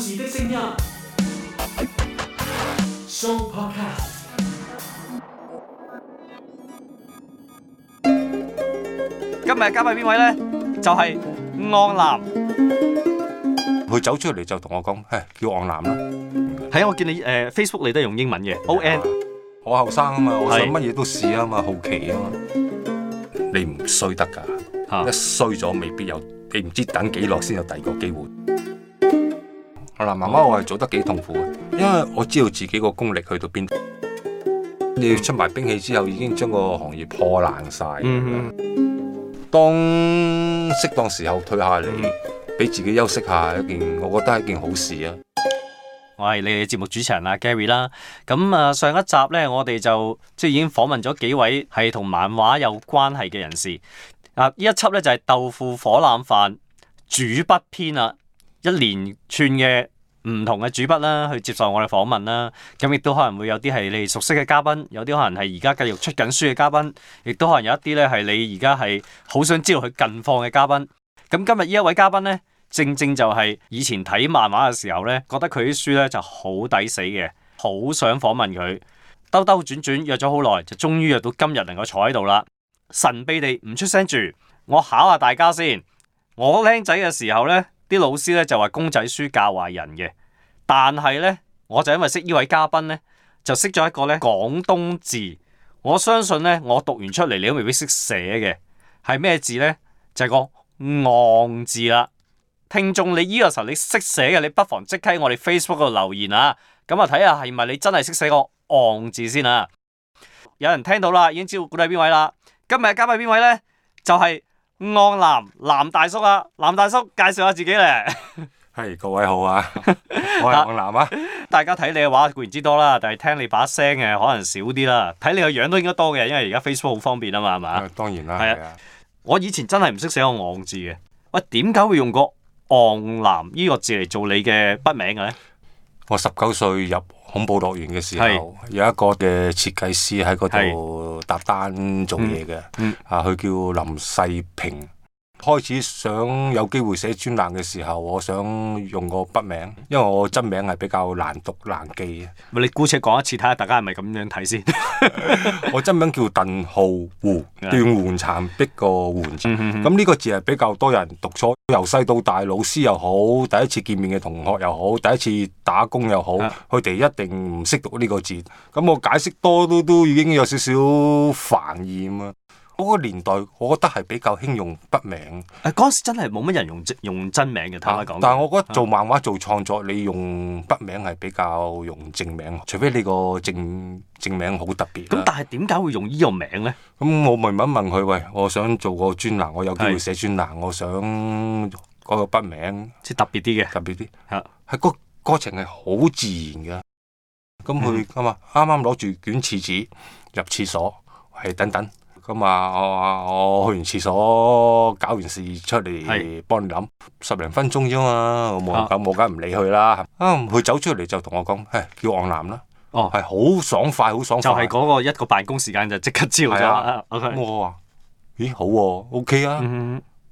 故事的聲音，Song Podcast。今日交俾邊位咧？就係岸南。佢走出嚟就同我講，誒，叫岸南啦。係啊，我見你誒，Facebook 你都係用英文嘅。O N。好後生啊嘛，我想乜嘢都試啊嘛，好奇啊嘛。你唔衰得噶，一衰咗未必有，你唔知等幾耐先有第二個機會。嗱，漫畫我係做得幾痛苦嘅，因為我知道自己個功力去到邊。你要出埋兵器之後，已經將個行業破爛晒。嗯嗯哼。當適當時候退下嚟，俾、嗯、哼自己休息下，一件我覺得係一件好事啊。我係你哋節目主持人啦、啊，Gary 啦。咁啊，上一集呢，我哋就即係已經訪問咗幾位係同漫畫有關係嘅人士。啊，呢一輯呢，就係《豆腐火腩飯主筆篇》啊。一連串嘅唔同嘅主筆啦，去接受我哋訪問啦，咁亦都可能會有啲係你熟悉嘅嘉賓，有啲可能係而家繼續出緊書嘅嘉賓，亦都可能有一啲咧係你而家係好想知道佢近況嘅嘉賓。咁今日呢一位嘉賓咧，正正就係以前睇漫畫嘅時候咧，覺得佢啲書咧就好抵死嘅，好想訪問佢。兜兜轉轉約咗好耐，就終於約到今日能夠坐喺度啦。神秘地唔出聲住，我考下大家先。我僆仔嘅時候咧。啲老師咧就話公仔書教壞人嘅，但係咧我就因為識呢位嘉賓咧，就識咗一個咧廣東字，我相信咧我讀完出嚟你都未必識寫嘅，係咩字咧？就係個昂字啦。聽眾你呢個時候你識寫嘅，你不妨即刻喺我哋 Facebook 度留言啊！咁啊睇下係咪你真係識寫個昂字先啊？有人聽到啦，已經知道估底係邊位啦。今日嘅嘉賓係邊位咧？就係。昂南，南大叔啊，南大叔介紹下自己咧。係 各位好啊，我係昂南啊。 大家睇你嘅話固然之多啦，但係聽你把聲嘅可能少啲啦。睇你個樣都應該多嘅，因為而家 Facebook 好方便啊嘛，係嘛。當然啦，係啊。啊我以前真係唔識寫個昂字嘅。喂，點解會用個昂南呢個字嚟做你嘅筆名嘅咧？我十九歲入。恐怖樂園嘅時候，是有一個嘅設計師喺嗰度搭單做嘢嘅，嗯嗯、啊，佢叫林世平。開始想有機會寫專欄嘅時候，我想用個筆名，因為我真名係比較難讀難記。唔，你姑且講一次，睇下大家係咪咁樣睇先。 我真名叫鄧浩湖，斷垣殘壁個垣字，咁呢 個字係比較多人讀錯。由細到大，老師又好，第一次見面嘅同學又好，第一次打工又好，佢哋 一定唔識讀呢個字。咁我解釋多都都已經有少少煩厭啊。嗰個年代，我覺得係比較興用筆名。誒，嗰時真係冇乜人用真用真名嘅，坦白講。但係我覺得做漫畫做創作，你用筆名係比較用正名，除非你個正正名好特別。咁但係點解會用呢個名咧？咁我問一問佢，喂，我想做個專欄，我有機會寫專欄，我想嗰個筆名，即係特別啲嘅，特別啲吓。係，個過程係好自然㗎。咁佢啱啊，啱啱攞住卷廁紙入廁所，係等等。咁啊！我我去完廁所，搞完事出嚟，幫你諗，十零分鐘啫嘛，好冇？咁我梗唔理佢啦。啊，佢走出嚟就同我講：，誒，叫昂男啦。哦，係好爽快，好爽快。就係嗰個一個辦公時間就即刻招咗。我話：，咦，好，OK 啊，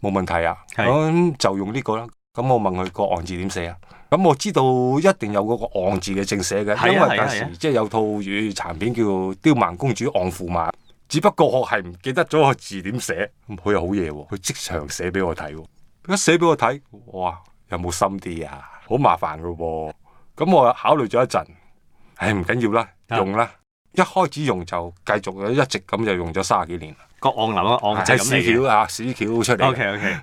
冇問題啊。咁就用呢個啦。咁我問佢個昂字點寫啊？咁我知道一定有嗰個昂字嘅正寫嘅，因為嗰時即係有套粵殘片叫《刁蠻公主昂駙馬》。只不過我係唔記得咗個字點寫，佢又好嘢喎，佢即場寫俾我睇，一寫俾我睇，哇，有冇心啲啊，好麻煩噶噃，咁我考慮咗一陣，唉唔緊要啦，用啦，一開始用就繼續一直咁就用咗三十幾年，個按鈕啊，按仔屎橋啊，屎橋出嚟。Okay, okay.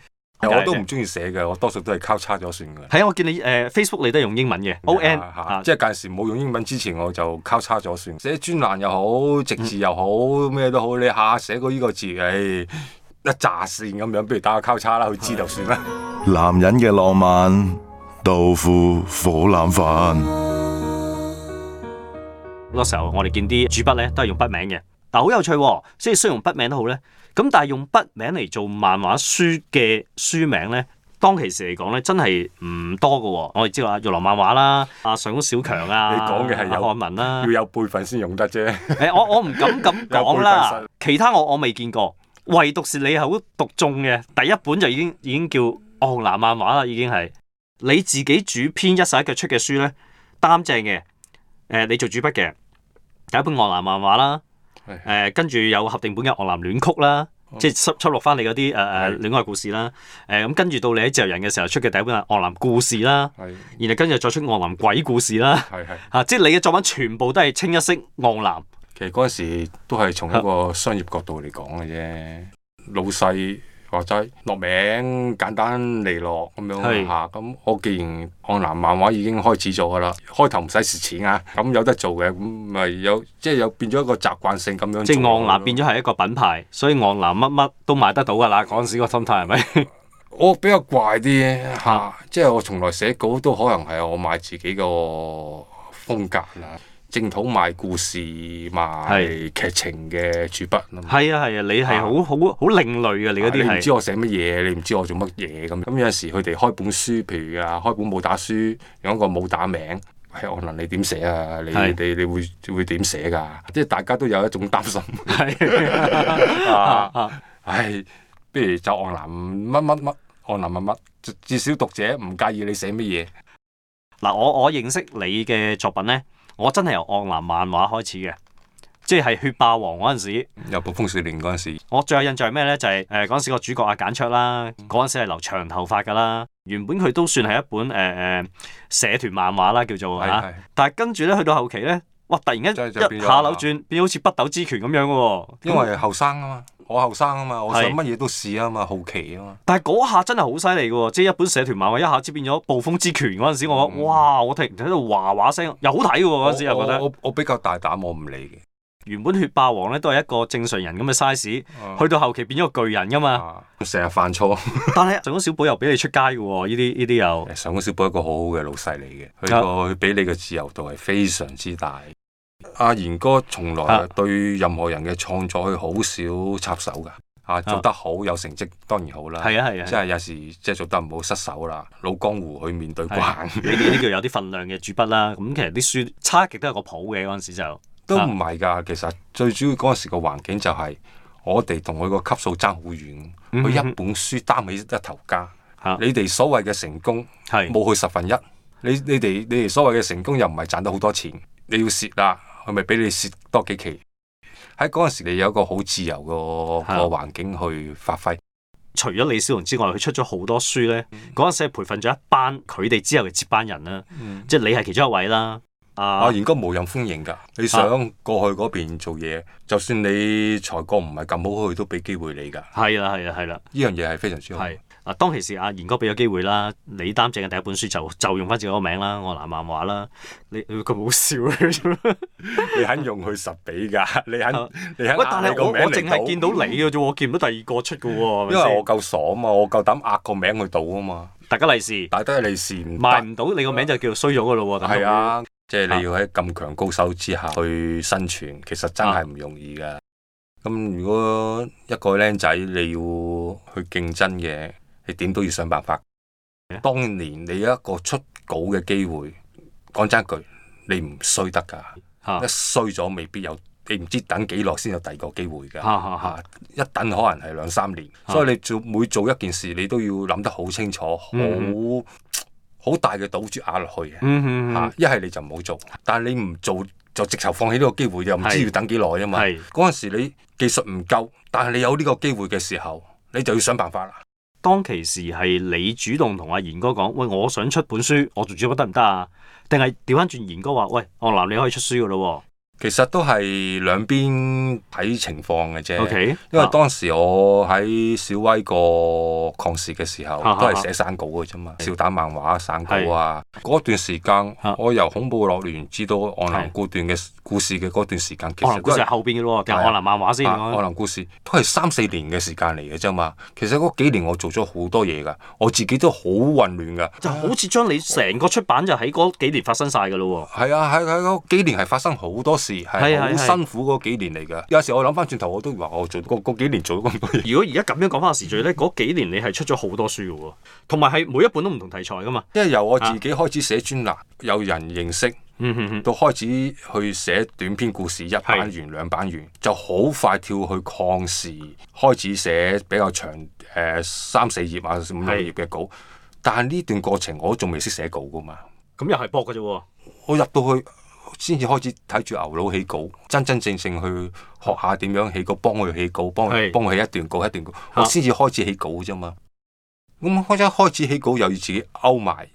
我都唔中意寫嘅，我多數都係交叉咗算嘅。係啊，我見你誒、呃、Facebook 你都係用英文嘅。O N，、啊啊啊、即係間時冇用英文之前，我就交叉咗算。寫專欄又好，直字又好，咩都好，你下下寫過呢個字，唉、哎，一扎線咁樣，不如打個交叉啦，佢知道就算啦。的男人嘅浪漫，豆腐火腩飯。嗰時候我哋見啲主筆咧都係用筆名嘅，但好有趣、哦，所以雖然用筆名都好咧。咁但係用筆名嚟做漫畫書嘅書名咧，當其時嚟講咧，真係唔多噶、哦。我哋知道阿玉郎漫畫啦，阿上官小強啊，你講嘅係有漢文啦、啊，要有輩份先用得啫。誒， 我我唔敢咁講啦。其他我我未見過，唯獨是你好獨中嘅第一本就已經已經叫《玉蘭漫畫》啦，已經係你自己主編一手一腳出嘅書咧，擔正嘅。誒、呃，你做主筆嘅第一本《玉蘭漫畫》啦。誒、嗯、跟住有合訂本嘅《卧藍戀曲》啦，即係輯輯錄翻你嗰啲誒誒戀愛故事啦。誒、嗯、咁跟住到你喺自由人嘅時候出嘅第一本係《卧藍故事》啦。是然後跟住再出《卧藍鬼故事》啦。係係是。嚇、啊！即係你嘅作品全部都係清一色卧藍。其實嗰陣時都係從一個商業角度嚟講嘅啫，是老細。或者落名簡單利落咁樣嚇，咁係我既然岸南漫畫已經開始做噶啦，開頭唔使蝕錢啊，咁有得做嘅咁咪有即係、就是、有變咗一個習慣性咁樣。即係岸南變咗係一個品牌，所以岸南乜乜都買得到噶啦，嗰陣時個心態係咪？係係我比較怪啲嚇，即係、啊啊就是、我從來寫稿都可能係我買自己個風格啦。正統賣故事賣劇情嘅主筆，係啊係啊，你係好好好另類嘅你嗰啲係。你唔知我寫乜嘢，你唔知我做乜嘢咁。咁有陣時佢哋開本書，譬如啊開本武打書，用一個武打名，係按南你點寫啊？你你你會會點寫㗎？即係大家都有一種擔心。係啊，唉，不如就按南乜乜乜，按南乜乜，至少讀者唔介意你寫乜嘢。嗱，我我認識你嘅作品咧。我真係由《惡男漫畫》開始嘅，即係《血霸王》嗰陣時又由《暴風雨》嗰陣時。我最有印象係咩呢？就係誒嗰陣時個主角阿簡卓啦，嗰陣、嗯、時係留長頭髮噶啦。原本佢都算係一本誒誒、呃、社團漫畫啦，叫做嚇。是是是但係跟住呢去到後期呢，哇！突然間一下扭轉，變好似《北斗之拳、哦》咁樣嘅喎。因為後生啊嘛。我後生啊嘛，是我想乜嘢都試啊嘛，好奇啊嘛。但係嗰下真係好犀利嘅喎，即、就、係、是、一本社團漫畫，我一下子變咗暴風之拳嗰陣時，我講哇，我突然喺度哇哇聲，又好睇嘅喎嗰陣時，我覺得。嗯、我華華、啊、我，我，我比較大膽，我唔理嘅。原本血霸王咧都係一個正常人咁嘅 size、啊、去到後期變咗個巨人嘅嘛。成日、啊、犯錯。 但係上官小寶又俾你出街嘅喎、啊，依啲依啲又。上官小寶一個好好嘅老細嚟嘅，佢個佢俾你嘅自由度係非常之大。阿賢、啊、哥從來對任何人嘅創作，佢好少插手㗎。嚇、啊，做得好、啊、有成績當然好啦，係啊係啊，啊啊即係有時即係做得唔好失手啦，老江湖去面對慣、啊。你哋呢個有啲份量嘅主筆啦，咁其實啲書差極都係個譜嘅嗰陣時就都唔係㗎。啊、其實最主要嗰陣時個環境就係我哋同佢個級數爭好遠，佢一本書擔起一頭家。啊、你哋所謂嘅成功係冇去，是去十分一，你你哋你哋所謂嘅成功又唔係賺得好多錢，你要蝕啊！係咪俾你蝕多幾期？喺嗰陣時，你有一個好自由個個環境去發揮。除咗李小龍之外，佢出咗好多書咧。嗰陣、嗯、時係培訓咗一班佢哋之後嘅接班人啦，嗯、即係你係其中一位啦。啊，應該無人歡迎㗎。你想過去嗰邊做嘢，啊、就算你才幹唔係咁好，佢都俾機會你㗎。係啦，係啦，係啦，呢樣嘢係非常之好。嗱，當其時阿賢哥俾咗機會啦，你擔正嘅第一本書就就用翻自己個名啦，我南漫畫啦，你佢好笑，啊，、 你笑你肯用佢實俾㗎，啊、你肯你肯壓你個名嚟賭，但係我我淨係見到你㗎啫，我見唔到第二個出㗎喎。哦嗯，因為我夠爽啊嘛，我夠膽壓個名去賭啊嘛，大家利是，大家利是唔賣唔到你個名就叫做衰咗㗎咯喎，係啊，即係、嗯啊、你要喺咁強高手之下去生存，其實真係唔容易㗎。咁如果一個僆仔你要去競爭嘅，你點都要想辦法。當年你有一個出稿嘅機會，講真一句，你唔衰得㗎。啊、一衰咗，未必有，你唔知等幾耐先有第二個機會㗎、啊。一等可能係兩三年，所以你做每做一件事，你都要諗得好清楚，好好、嗯嗯、大嘅賭注壓落去。嚇、啊！一係、嗯嗯嗯、你就唔好做，但係你唔做就直頭放棄呢個機會又唔知要等幾耐啊嘛。嗰陣是的 時你技術唔夠，但係你有呢個機會嘅時候，你就要想辦法啦。當其時係你主動同阿賢哥講，喂，我想出本書，我做主角得唔得啊？定係調返轉賢哥話，喂，哦，嗱，你可以出書噶咯喎？其實都係兩邊睇情況嘅啫，OK，因為當時我喺小威個抗時嘅時候，都係寫散稿嘅啫嘛，笑打漫畫散稿啊。嗰段時間，我由恐怖樂園至到《惡南故段》嘅故事嘅嗰段時間，其實都係後邊嘅咯，叫《惡林漫畫》先，《惡南故事》都係三四年嘅時間嚟嘅啫嘛。其實嗰幾年我做咗好多嘢㗎，我自己都好混亂㗎，就好似將你成個出版就喺嗰幾年發生晒㗎咯喎。係啊，喺喺嗰幾年係發生好多。係係好辛苦嗰幾年嚟噶，有陣時我諗翻轉頭，我都話我做嗰幾年做咗咁多嘢。如果而家咁樣講翻時序咧，嗰幾年你係出咗好多書嘅喎，同埋係每一本都唔同題材噶嘛。因為由我自己開始寫專欄，啊、有人認識，嗯、哼哼到開始去寫短篇故事，一版完兩是版完，就好快跳去曠時開始寫比較長誒三四頁或者五六頁嘅稿。是但呢段過程我仲未識寫稿噶嘛。咁又係搏嘅啫。我入到去。先至開始睇住牛佬起稿，真真正正去學下點樣起稿，幫佢起稿，幫佢幫佢起一段稿一段稿，我先至開始起稿啫嘛。咁一開始起稿又要自己勾埋，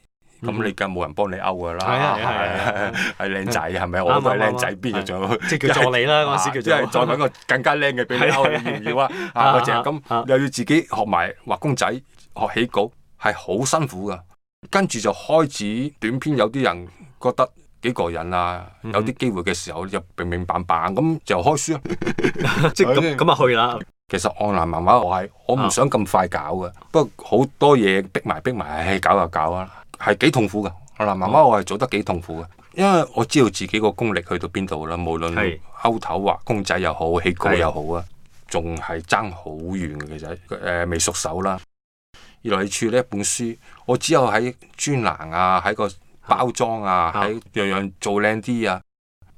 咁你梗冇人幫你勾噶啦，係係係靚仔係咪？我都係靚仔邊嘅啫，即係叫助理啦，嗰時叫。即係再揾個更加靚嘅俾你勾。耀啊！啊，我咁又要自己學埋畫公仔，學起稿係好辛苦噶。跟住就開始短篇，有啲人覺得。幾過癮啦！有啲機會嘅時候又明明白白咁、嗯嗯、就開書，即係咁咁啊去啦！其實我嗱媽媽我係我唔想咁快搞嘅，哦、不過好多嘢逼埋逼埋，唉，搞就搞啦，係幾痛苦嘅。我嗱媽媽我係做得幾痛苦嘅，哦、因為我知道自己個功力去到邊度啦。無論係勾頭或公仔又好，起稿又好啊，仲係爭好遠嘅。其實誒、呃、未熟手啦，原來你處呢一本書，我只有喺專欄啊，喺個。包裝啊，喺樣、oh. 樣做靚啲啊！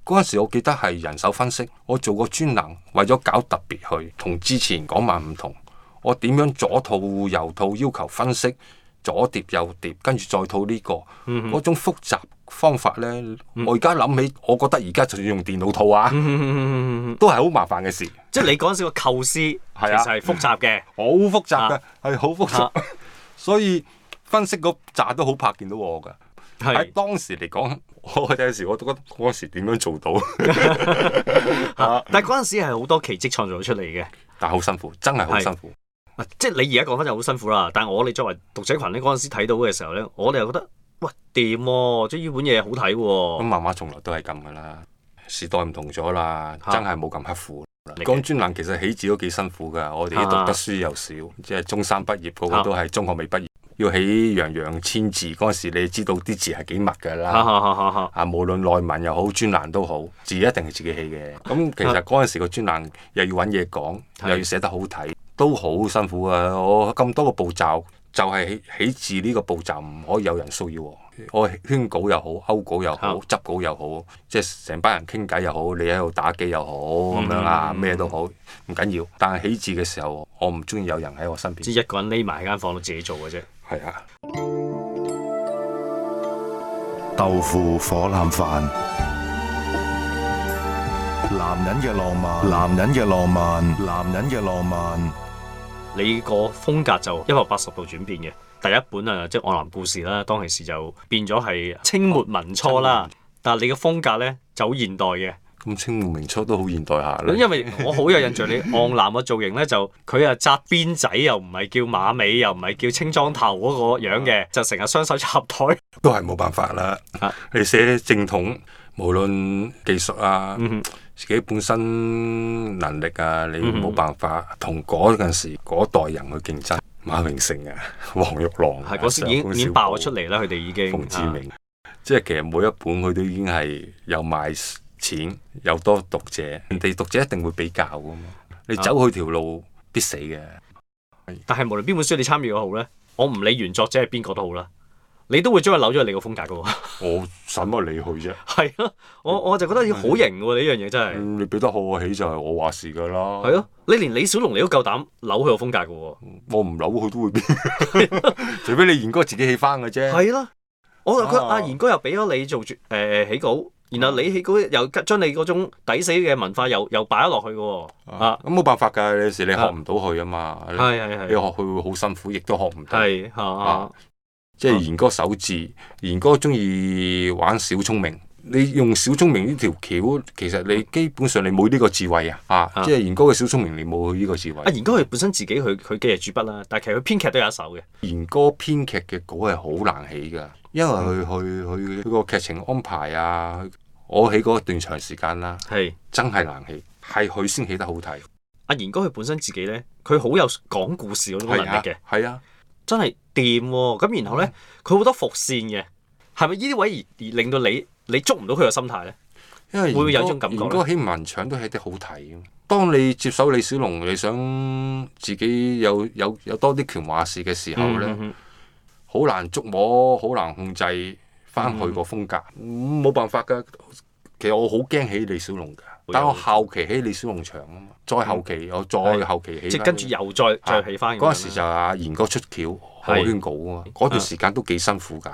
嗰陣時我記得係人手分析，我做個專能為咗搞特別去，同之前講埋唔同。我點樣左套右套要求分析，左疊右疊，跟住再套呢、這個嗰、mm hmm. 種複雜方法呢？Mm hmm. 我而家諗起，我覺得而家就要用電腦套啊，mm hmm. 都係好麻煩嘅事。即係 你嗰陣時個構思係啊，係 複雜嘅，好複雜嘅，係好複雜。所以分析嗰扎都好怕見到我㗎。喺是當時嚟講，我有時我都覺得嗰陣時點樣做到？ 但係嗰陣時係好多奇蹟創造咗出嚟嘅。但係好辛苦，真係好辛苦。即係你而家講翻就好辛苦啦。但係我哋作為讀者群，你嗰陣時睇到嘅時候咧，我哋又覺得喂，掂喎，即係呢本嘢好睇喎、啊。咁漫畫從來都係咁噶啦，時代唔同咗啦，真係冇咁刻苦。講的專欄其實起字都幾辛苦㗎，我哋讀得書又少，的即係中三畢業個的個都係中學未畢業。要起洋洋千字嗰陣時，你知道啲字係幾密㗎啦。啊，無論內文又好，專欄都好，字一定係自己起嘅。咁其實嗰陣時個專欄又要揾嘢講，啊、又要寫得好睇，都好辛苦㗎。我咁多個步驟，就係、是、起、起字呢個步驟唔可以有人騷擾我。我起圈稿又好，勾稿又好，執好稿又好，即係成班人傾偈又好，你喺度打機又好，咁、嗯、樣啊咩都好，唔緊要。但係起字嘅時候，我唔中意有人喺我身邊。即係一個人匿埋喺間房度自己做嘅啫。係啊！豆腐火腩飯，男人嘅浪漫，男人嘅浪漫，男人嘅浪漫。你個風格就一百八十度轉變嘅，第一本啊，即係《臥藍故事》啦，當其時就變咗係清末民初啦，聞但係你嘅風格咧，就好現代嘅。咁清末明初都好現代下咧，因為我好有印象你，你昂 南嘅造型咧就佢啊扎辮仔，又唔係叫馬尾，又唔係叫青裝頭嗰個樣嘅。嗯、就成日雙手插袋。都係冇辦法啦，啊、你寫正統，無論技術啊，嗯、哼自己本身能力啊，你冇辦法同嗰陣時嗰代人去競爭。嗯、哼馬榮成啊，黃玉郎、啊，係嗰、啊、是時已經已經爆咗出嚟啦，佢哋已經。馮志明，即係其實每一本佢都已經係有賣。錢又多讀者，人哋讀者一定會比較噶嘛。你走去條路必死嘅。但係無論邊本書你參與個好咧，我唔理原作者係邊個都好啦，你都會將佢扭咗去你個風格噶喎。我使乜你去啫？係咯，我我就覺得要好型嘅呢樣嘢真係。你俾得好我起就係我話事噶啦。係咯，你連李小龍你都夠膽扭佢個風格噶喎。我唔扭佢都會變，除非你賢哥自己起翻嘅啫。係咯，我就覺得阿阿賢哥又俾咗你做誒起稿。然後你起嗰啲又將你嗰種抵死嘅文化又又擺咗落去嘅喎、哦，啊咁冇、啊、辦法㗎，有時、啊、你學唔到佢啊嘛，係係係，你學佢會好辛苦，亦都學唔到。係即係賢哥守字，賢哥鍾意玩小聰明，你用小聰明呢條橋，其實你基本上你冇呢個智慧啊，啊，啊即係賢哥嘅小聰明，你冇呢個智慧。啊，賢哥佢本身自己佢佢既係主筆啦，但係其實佢編劇都有一手嘅。賢哥編劇嘅稿係好難起㗎，因為佢佢佢佢個劇情安排啊。我起嗰一段長時間啦，係、係、真係難起，係佢先起得好睇。阿賢、啊、哥佢本身自己咧，佢好有講故事嗰種能力嘅，係啊，啊真係掂喎。咁然後咧，佢好、啊、多伏線嘅，係咪依啲位而而令到你你捉唔到佢嘅心態咧？因為、會唔會有種感覺、賢哥、賢哥起文場都係啲好睇。當你接手李小龍，你想自己有有有，有多啲權話事嘅時候咧，好、嗯嗯嗯、難捉摸，好難控制。翻佢個風格，冇、嗯、辦法㗎。其實我好驚起李小龍㗎，有但係我後期起李小龍場啊嘛，再後期、嗯、我再後期起。是啊、跟住又再、啊、再起翻。嗰陣、啊、時就阿賢哥出橋，我圈稿啊嘛，嗰是段時間都幾辛苦㗎。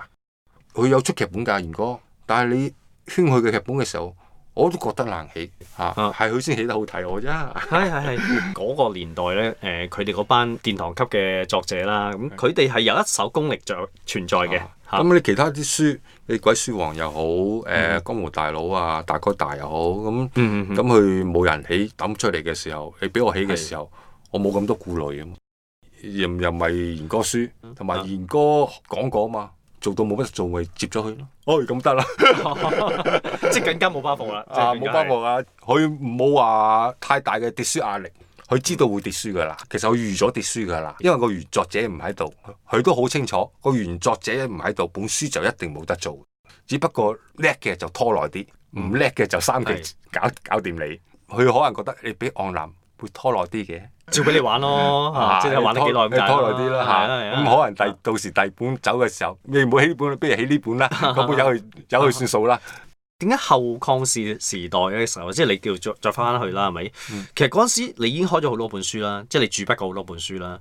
佢、啊、有出劇本㗎，賢哥，但係你圈佢嘅劇本嘅時候。我都覺得難起嚇，係佢先起得好睇我啫。係係係嗰個年代咧，誒佢哋嗰班殿堂級嘅作者啦，咁佢哋係有一手功力在存在嘅。咁你其他啲書，你鬼書王又好，誒江湖大佬啊大哥大又好，咁咁佢冇人起抌出嚟嘅時候，你俾我起嘅時候，我冇咁多顧慮咁，又又唔係賢哥書，同埋賢哥講過嘛。做到冇乜做，咪接咗佢咯。哦，oh，咁得啦，即係更加冇包袱啦。啊，冇包袱啊！佢冇話太大嘅跌輸壓力，佢知道會跌輸噶啦。其實我預咗跌輸噶啦，因為個原作者唔喺度，佢都好清楚，個原作者唔喺度，本書就一定冇得做。只不過叻嘅就拖耐啲，唔叻嘅就三句搞是搞掂你。佢可能覺得你俾按捺。會拖落啲嘅，照俾你玩咯，即係玩得幾耐咁解。拖落啲啦，咁可能第到時第二本走嘅時候，你唔好起本，不如起呢本啦，嗰本由佢由佢算數啦。點解後抗世時代嘅時候，即係你叫做再再翻去啦，係咪？其實嗰陣時你已經開咗好多本書啦，即係你住不過好多本書啦。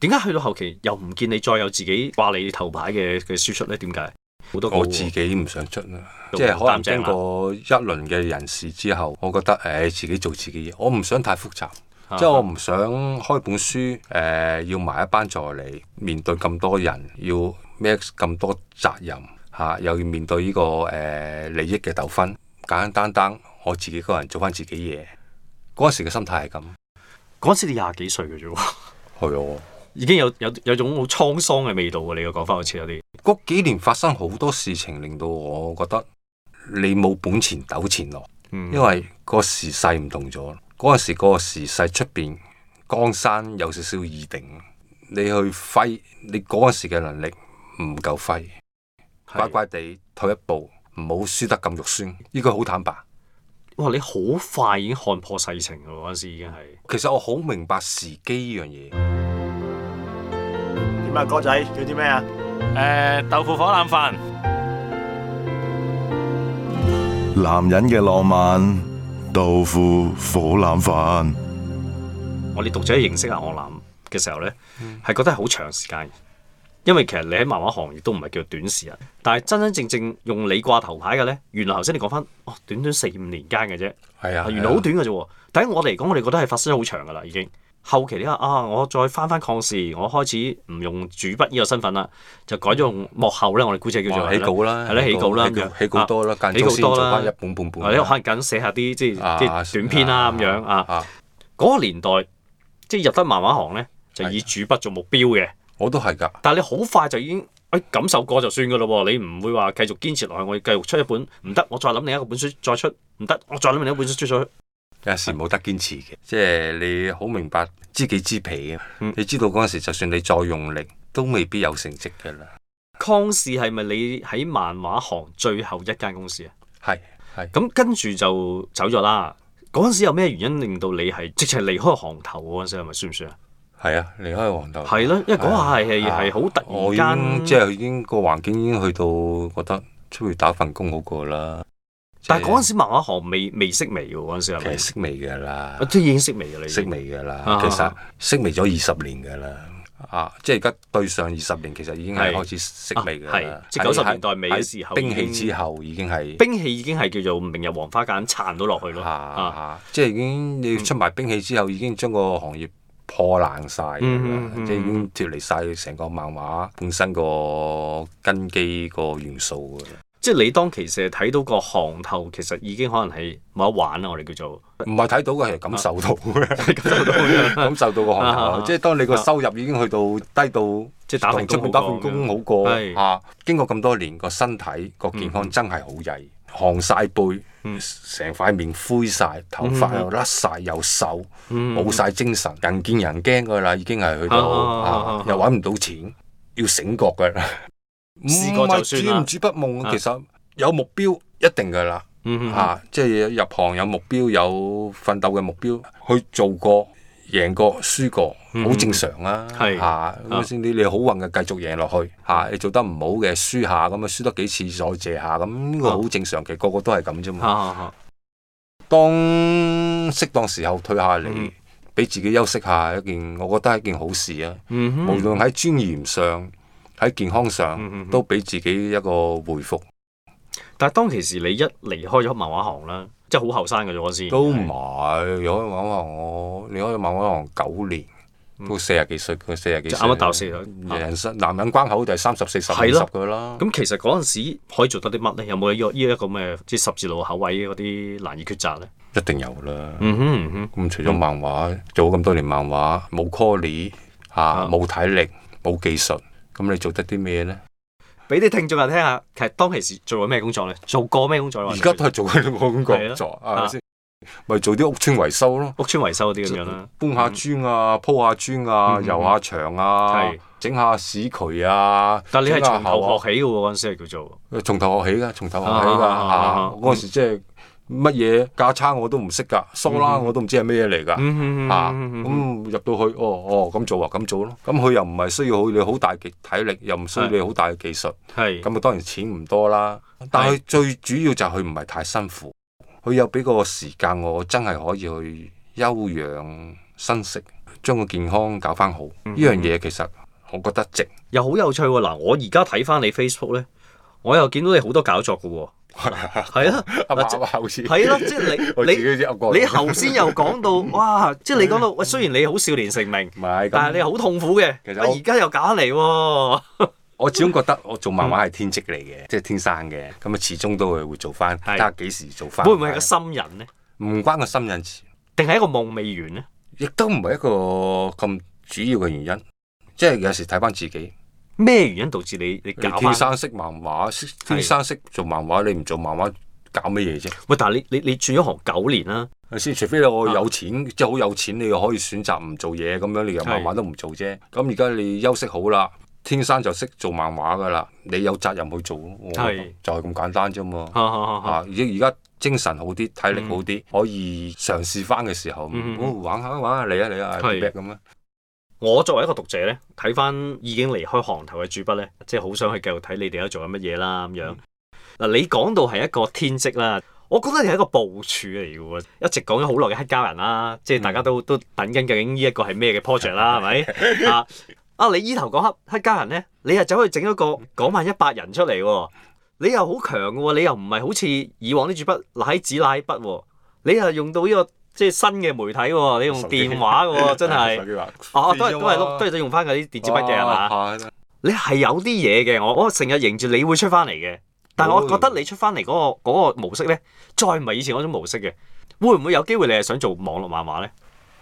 點解去到後期又唔見你再有自己掛你頭牌嘅嘅輸出咧？點解？多我自己唔想出啦，即係可能經過一輪嘅人事之後，我覺得誒、呃、自己做自己嘢，我唔想太複雜，啊、即係我唔想開本書誒、呃，要埋一班助理面對咁多人，要孭咁多責任嚇、啊，又要面對呢、呢個誒、呃、利益嘅糾紛，簡簡單單我自己個人做翻自己嘢。嗰陣時嘅心態係咁，嗰陣時你廿幾歲嘅啫喎。係喎。 已經有有有種好滄桑嘅味道，你嘅講翻好似有啲，嗰幾年發生好多事情，令到我覺得你冇本錢糾纏咯，嗯、因為個時勢唔同咗。嗰陣時個時勢出邊江山有少少異定，你去揮你嗰陣時嘅能力唔夠揮，是乖乖地退一步，唔好輸得咁肉酸。呢句好坦白。哇！你好快已經看破世情喎，嗰陣時已經係。其實我好明白時機呢樣嘢。乜歌仔叫啲咩啊？誒、呃、豆腐火腩飯，男人嘅浪漫豆腐火腩飯。我哋讀者認識阿我楠嘅時候咧，係、嗯、覺得係好長時間，因為其實你喺漫畫行業都唔係叫做短時間，但係真真正正用你掛頭牌嘅咧，原來頭先你講翻，哦，短短四五年間嘅啫，係啊，原來好短嘅啫。對於、啊、我嚟講，我哋覺得係發生好長嘅啦，已經。後期你啊啊，我再翻翻抗視，我開始唔用主筆呢個身份啦，就改咗用幕後咧。我哋姑且叫做起稿啦，係咧起稿啦稿樣，起稿多啦，間、啊、中先做翻一本半本，本，或者可能寫下啲即係啲短篇啦咁樣啊。嗰個年代即係入得漫畫行咧，就以主筆做目標嘅。我都係㗎。但係你好快就已經哎感受過就算㗎咯喎，你唔會話繼續堅持落去，我要繼續出一本唔得，我再諗另一個本書再出，唔得，我再諗另一本書出咗的有時冇得堅持嘅，即係你好明白知己知彼啊！嗯、你知道嗰陣時，就算你再用力，都未必有成績嘅啦。康氏係咪你喺漫畫行最後一間公司啊？係係。咁跟住就走咗啦。嗰陣時有咩原因令到你係直情離開行頭嗰陣時係咪算唔算啊？係啊，離開行頭。係咯、啊，因為嗰下係係好突然間，即係已經，已經個環境已經去到覺得出去打份工好過啦。但係嗰陣時漫畫行未未識微喎，嗰陣時係咪、啊？其實識微㗎啦，即係已經識微㗎啦。識微㗎啦，其實識微咗二十年㗎啦。啊，啊即係而家對上二十年，其實已經係開始識微㗎啦。即係九十年代尾嘅時候，兵器之後已經係兵器已經係叫做明日黃花間撐到落去咯。啊啊、即係已經你出埋兵器之後，已經將個行業破爛晒，嗯、即係已經脫離晒成個漫畫本身個根基個元素㗎啦。即係你當其實睇到個行頭，其實已經可能係冇得玩啦。我哋叫做唔係睇到嘅係感受到、啊、 感受到感受到個行頭，啊、即係當你個收入已經去到低到，啊、即係打份出面打份工好過嚇、啊啊。經過咁多年個身體個健康真係好曳，寒晒背，成塊面灰晒，頭髮又甩晒，嗯、又瘦，冇晒精神，人見人驚㗎啦。已經係去到又揾唔到錢，要醒覺㗎啦。唔係主唔主不夢，啊、其實有目標一定噶啦，吓即係入行有目標有奮鬥嘅目標，去做過贏過輸過，好、嗯、正常啊，吓咁先你你好運嘅繼續贏落去，吓、啊、你做得唔好嘅輸下咁啊，輸得幾次再借下，咁呢個好正常其實，啊、個個都係咁啫嘛。當適當時候退下嚟，俾、嗯、自己休息下，一件我覺得係一件好事啊。啊無論喺尊嚴上。喺健康上都俾自己一個回復、嗯嗯。但係當其時，你一離開咗漫畫行啦，即係好後生嘅咗先。都唔係是如果我話我離開漫畫行九年，都四十幾歲，佢四十幾歲就啱啱四十人生男人關口就 30, 40, 40,、啊，就係三十四、十。四十嘅啦。咁其實嗰陣時可以做得啲乜咧？有冇依個依一個咩？即係十字路口位嗰啲難以抉擇咧？一定有啦。咁、嗯嗯嗯嗯、除咗漫畫做咁多年漫畫，冇 colly 吓、啊，冇、啊、體力，冇技術。咁你做得啲咩咧？俾啲聽眾人聽下，其實當其時做緊咩工作咧？做過咩工作咧？而家都係做緊個工作，係咪先？咪做啲屋村維修咯，屋村維修啲咁樣啦，搬下磚啊，鋪下磚啊，遊下牆啊，整下屎渠啊。但係你係從頭學起嘅喎，嗰陣時係叫做。從頭學起㗎，從頭學起㗎，嗰陣時即係。乜嘢價差我都唔識噶，蘇拉、嗯、我都唔知係咩嘢嚟㗎。咁入到去，哦哦咁做啊，咁做咯。咁佢又唔係需要你好大嘅體力，是又唔需要你好大嘅技術。咁啊是，當然錢唔多啦。是但係最主要就係佢唔係太辛苦，佢是有俾個時間我，真係可以去休養生息，將個健康搞翻好。呢、嗯、哼樣嘢其實我覺得值。又好有趣喎、哦！嗱，我而家睇翻你 Facebook 呢，我又見到你好多搞作嘅喎。係咯，後先係咯，即係你你你頭先又講到哇，即係你講到，雖然你好少年成名，但係你好痛苦嘅。其實而家又搞翻嚟喎。我始終覺得我做漫畫係天職嚟嘅，即係天生嘅，咁啊始終都會會做翻。但係幾時做翻？會唔會係個心人咧？唔關個心人事，定係一個夢未完咧？亦都唔係一個咁主要嘅原因，即係有時睇翻自己，咩原因導致你你天生識漫畫，天生識做漫畫，你唔做漫畫搞乜嘢啫？喂！但係你你你轉咗行九年啦，係先。除非你我有錢，即係好有錢，你可以選擇唔做嘢咁樣，你又漫畫都唔做啫。咁而家你休息好啦，天生就識做漫畫㗎喇，你有責任去做咯。就係咁簡單啫嘛。啊啊啊！而家精神好啲，體力好啲，可以嘗試翻嘅時候，玩下玩下嚟啊你啊咁啊。我作為一個讀者咧，睇翻已經離開行頭嘅主筆咧，即係好想去繼續睇你哋而家做緊乜嘢啦咁樣。嗱、嗯，你講到係一個天職啦，我覺得你係一個部署嚟嘅喎。一直講咗好耐嘅黑加人啦，即係大家都、嗯、都等緊，究竟呢一個係咩嘅 project 啦， 係咪？啊啊！你依頭嗰刻黑膠人咧，你又走去整一個講萬一百人出嚟喎，你又好強嘅喎，你又唔係好似以往啲主筆攋紙攋筆喎，你又用到呢、這個。即係新嘅媒體喎，你用電話喎，手機真係哦、啊，都係機都係都係用翻嗰啲電子筆嘅係嘛？你係有啲嘢嘅，我我成日認住你會出翻嚟嘅，但係我覺得你出翻嚟嗰個模式咧，再唔係以前嗰種模式嘅，會唔會有機會你係想做網絡漫畫咧？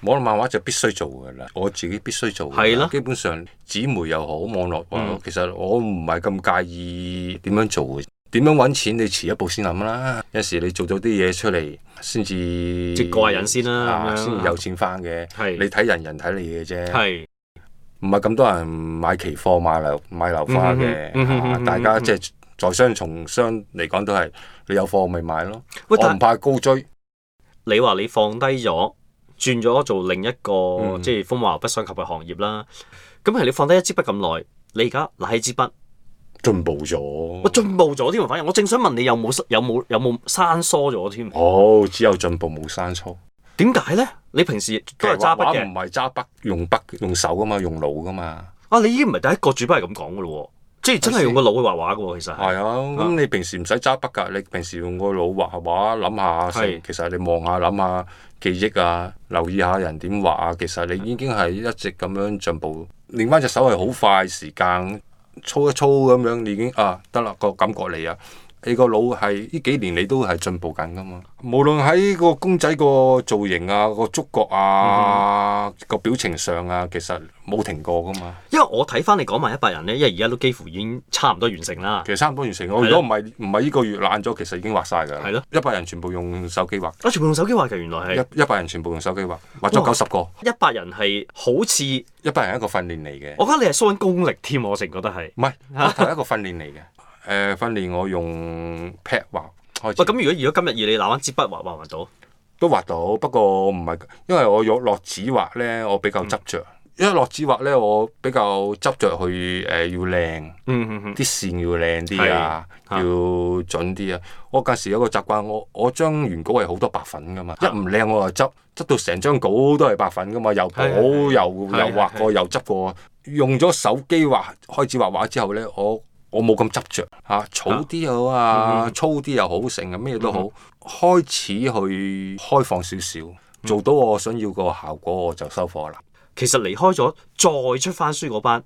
網絡漫畫就必須做㗎啦，我自己必須做嘅。係咯的，基本上紙媒又好，網絡、嗯、其實我唔係咁介意點樣做。點樣搵錢？你遲一步先諗啦。有時你做咗啲嘢出嚟，先至接過下人先啦，先、啊、有錢返嘅。是你睇人人睇你嘅啫，係唔係咁多人買期貨買樓買樓花嘅？大家即係、嗯、哼在商從商嚟講都係，你有貨咪買咯。喂，唔怕高追。你話你放低咗，轉咗做另一個、嗯、哼即係風馬不相及嘅行業啦。咁係你放低一支筆咁耐，你而家拿起支筆，進步咗，我進步咗添，反而我正想問你有有，有冇有冇有冇收縮咗添？哦，只有進步冇生疏。點解咧？你平時都係揸筆嘅，唔係揸筆用筆，用，筆用手噶嘛，用腦噶嘛。啊！你已啲唔係第一個主筆係咁講噶咯喎，即係真係用個腦去畫畫噶喎。是是其實係啊，咁的的你平時唔使揸筆㗎，你平時用個腦畫畫，諗下。係的。其實你望下諗下記憶啊，留意下人點畫啊，其實你已經係一直咁樣進步，練翻隻手係好快時間。搓一搓咁樣，你已經啊得啦，個感覺嚟啊！你個腦係呢幾年你都係進步緊噶嘛？無論喺個公仔個造型啊、個觸覺啊、個表情上啊，其實冇停過噶嘛。因為我睇翻你講埋一百人咧，因為而家都幾乎已經差唔多完成啦。其實差唔多完成，我如果唔係唔係呢個月爛咗，其實已經畫晒㗎。係咯，一百人全部用手機畫。全部用手機畫㗎，原來係。一一百人全部用手機畫，畫咗九十個，一百人係好似一百人一個訓練嚟嘅。我覺得你係舒穩功力添，我成日覺得係。唔係，係一個訓練嚟嘅。誒訓練我用 pad 畫開始。喂，咁如果如果，今日要你拿翻支筆，畫畫唔到？都畫到，不過唔係，因為我用落紙畫咧，我比較執着。因為落紙畫咧，我比較執着去，誒要靚。啲線要靚啲啊，要準啲啊。我嗰時有個習慣，我我將原稿係好多白粉噶嘛，一唔靚我就執，執到成張稿都係白粉噶嘛，又補又又畫過又執過。用咗手機畫開始畫畫之後咧，我。我冇咁執着，嚇、啊，草啲又好啊，嗯、粗啲又好，成啊咩都好。嗯、開始去開放少少，嗯、做到我想要個效果，我就收貨啦。其實離開咗再出翻書嗰班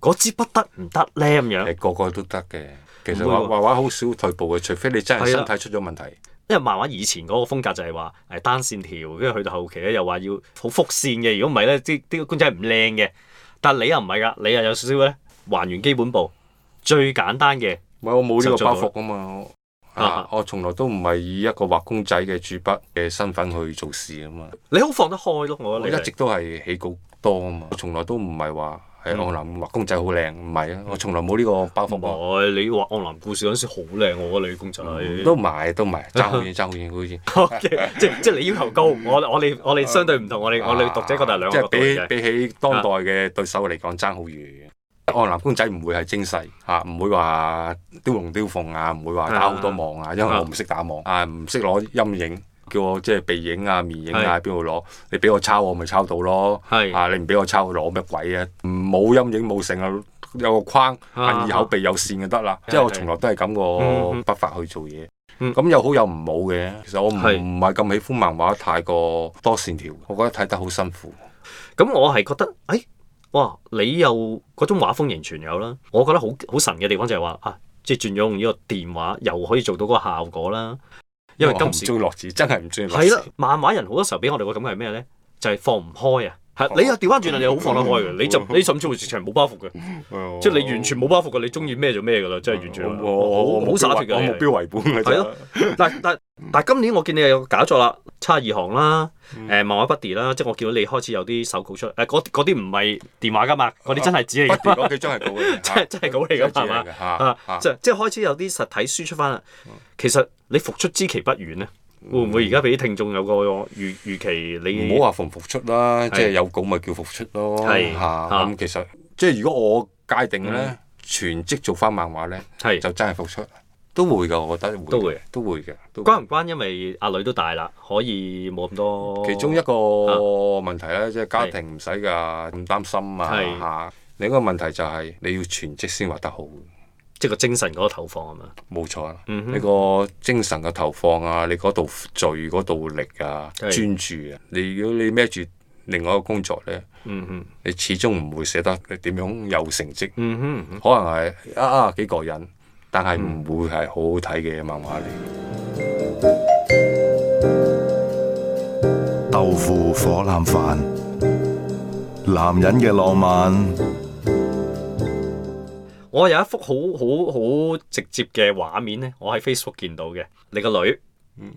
嗰支筆得唔得咧？咁樣誒，個個都得嘅。其實畫畫好少退步嘅，除非你真係身體出咗問題。的因為漫畫以前嗰個風格就係話誒單線條，跟住去到後期咧又話要好複線嘅。如果唔係咧，呢啲公仔唔靚嘅。但係你又唔係㗎，你又有少少咧還原基本步。最簡單嘅，唔係我冇呢個包袱啊嘛！我我從來都唔係以一個畫公仔嘅主筆嘅身份去做事啊嘛！你好放得開咯，我一直都係起稿多啊嘛！我從來都唔係話喺《澳南》畫公仔好靚，唔係啊！我從來冇呢個包袱。你畫《澳南故事》嗰陣時好靚，我覺女公仔都唔係，都唔係爭好遠，爭好遠嗰啲。即即係你要求高，我我哋我哋相對唔同，我哋我哋讀者覺得兩個。即係比比起當代嘅對手嚟講，爭好遠。我男公仔唔會係精細吓，唔會話雕龍雕鳳啊，唔會話打好多網啊，因為我唔識打網啊，唔識攞陰影，叫我即係鼻影啊、面影啊，邊度攞？你俾我抄我咪抄到咯，吓是你唔俾我抄，攞乜鬼啊？冇陰影冇成啊，有個框，啊、耳口鼻有線就得啦。啊、即係我從來都係咁個筆法去做嘢，咁、嗯嗯、有好有唔好嘅。其實我唔唔係咁喜歡漫畫太過多線條，我覺得睇得好辛苦。咁、嗯、我係覺得，誒、欸。哇！你又嗰種畫風仍存有啦。我覺得好好神嘅地方就係話啊，即係轉咗用呢個電話又可以做到嗰個效果啦。因為今時唔落字，真係唔中落字。係啦，漫畫人好多時候俾我哋個感覺係咩咧？就係、是、放唔開啊！係， 你又調翻轉嚟，你好放得開嘅，你， 你就你甚至會直情冇包袱嘅。 即係你完全冇包袱嘅，你中意咩就咩噶啦，即係完全，我我好冇灑脱嘅，目標為本嘅係咯，但但但今年我見你有搞作啦，差二行啦，誒漫畫筆啲啦，即係我見到你開始有啲手稿出，誒嗰啲唔係電話噶嘛，嗰啲真係紙嚟嘅。別講佢真係真真係稿嚟嘅，係嘛、啊？啊啊、即係開始有啲實體輸出翻啦。其實你復出之期不遠咧。會唔會而家俾啲聽眾有個預預期你？你唔好話復唔復出啦，是即係有稿咪叫復出咯嚇。咁是、啊、其實即係如果我界定咧，嗯、全職做翻漫畫咧，是就真係復出都會㗎，我覺得會都會、啊、都會嘅。會關唔關因為阿女都大啦，可以冇咁多其中一個問題咧，即係家庭唔使㗎咁擔心啊嚇。是是另一個問題就係你要全職先畫得好。即係錯、嗯、哼個精神嗰個投放啊嘛，冇錯啦。你個精神嘅投放啊，你嗰度聚嗰度力啊，是專注啊。你如果你孭住另外一個工作咧，嗯、哼你始終唔會寫得你點樣有成績。嗯、哼可能係啊啊幾過癮，但係唔會係好好睇嘅漫畫嚟。嗯、豆腐火腩飯，男人嘅浪漫。我有一幅好好好直接嘅畫面咧，我喺 Facebook 見到嘅。你個女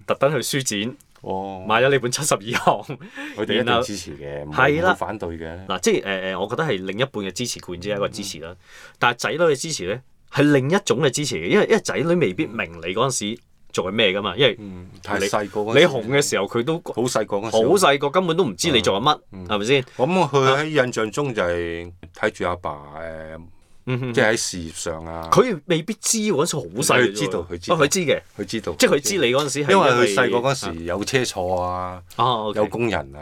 特登去書展買咗你本七十二行，佢哋都支持嘅，唔會好反對嘅。嗱，即係誒誒，我覺得係另一半嘅支持固然之係一個支持啦，但係仔女嘅支持咧係另一種嘅支持嘅，因為因為仔女未必明你嗰陣時做緊咩噶嘛，因為太細個。你紅嘅時候佢都好細個，好細個根本都唔知你做緊乜，係咪先？咁佢喺印象中就係睇住阿爸誒。即係喺事業上啊，佢未必知嗰陣時好細，佢知道佢知，佢知嘅，佢知道，即係佢知你嗰陣時係，因為佢細個嗰陣時有車坐啊，有工人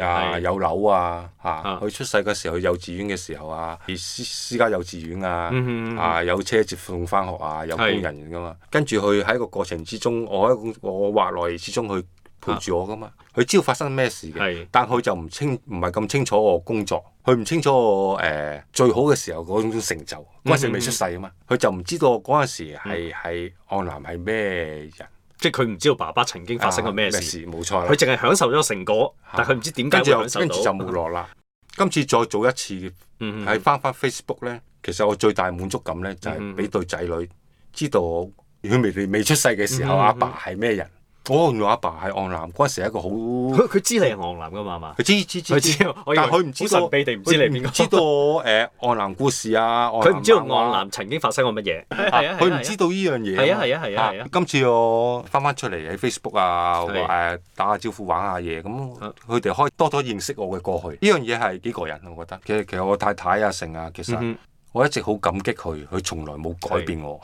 啊，有樓啊，嚇佢出世嗰時去幼稚園嘅時候啊，私私家幼稚園啊，啊有車接送翻學啊，有工人㗎嘛，跟住佢喺個過程之中，我喺我畫內之中去。陪住我噶嘛，佢知道發生咩事嘅，但佢就唔清，唔係咁清楚我工作，佢唔清楚我誒最好嘅時候嗰種成就。因為未出世啊嘛，佢就唔知道嗰陣時係係岸男係咩人，即係佢唔知道爸爸曾經發生過咩事，冇錯。佢淨係享受咗成果，但佢唔知點解。跟住又跟住就冇落啦。今次再做一次，喺翻翻 Facebook 咧，其實我最大滿足感咧就係俾對仔女知道我，佢未未未出世嘅時候，阿爸係咩人。我同我阿爸喺昂南，嗰時係一個好，佢佢知你係昂南噶嘛係嘛？佢知知知，佢知，但係佢唔知道神秘地唔知你邊個。知道誒昂南故事啊，佢唔知道昂南曾經發生過乜嘢，佢唔知道呢樣嘢。係啊係啊係啊係啊！今次我翻翻出嚟喺 Facebook 啊，或誒打下招呼玩下嘢，咁佢哋可以多多認識我嘅過去。呢樣嘢係幾個人，我覺得。其實其實我太太啊成啊，其實我一直好感激佢，佢從來冇改變我，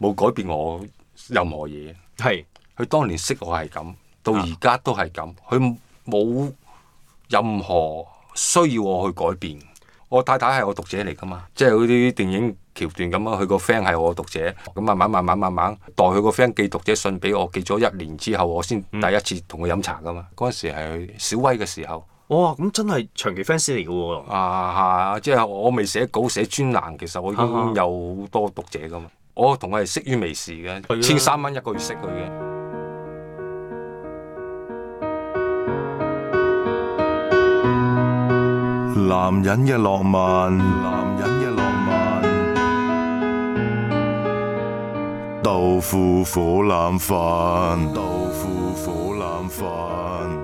冇改變我任何嘢，係。佢當年識我係咁，到而家都係咁。佢冇任何需要我去改變。我太太係我讀者嚟噶嘛，即係嗰啲電影橋段咁啊。佢個 friend 係我讀者，咁慢慢慢慢慢慢代佢個 friend 寄讀者信俾我，寄咗一年之後，我先第一次同佢飲茶噶嘛。嗰陣時係小威嘅時候。哇、哦，咁真係長期 fans 嚟噶喎、啊！啊啊即係我未寫稿寫專欄，其實我已經有好多讀者噶嘛。我同佢係識於微時嘅，千三蚊一個月識佢嘅。男人嘅浪漫，男人嘅浪漫，豆腐火腩飯，豆腐火腩飯。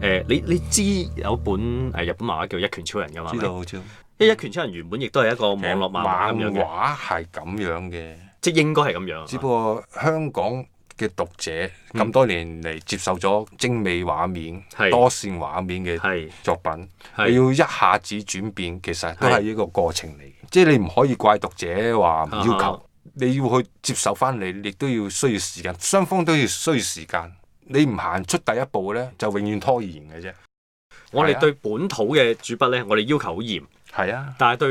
誒、呃，你你知有本誒、欸、日本漫畫叫《一拳超人》嘅嘛？知道超一、嗯、一拳超人原本亦都係一個網絡漫畫咁係咁樣嘅，即係應該係咁樣。只不過香港嘅讀者咁多年嚟接受咗精美畫面、嗯、多線畫面嘅作品，是你要一下子轉變，其實都係一個過程嚟。即係是你唔可以怪讀者話唔要求，啊、哈你要去接受返你，你亦都要需要時間，雙方都要需要時間。你唔行出第一步嘅咧，就永遠拖延嘅啫。我哋對本土嘅主筆咧，我哋要求好嚴。係啊。但係對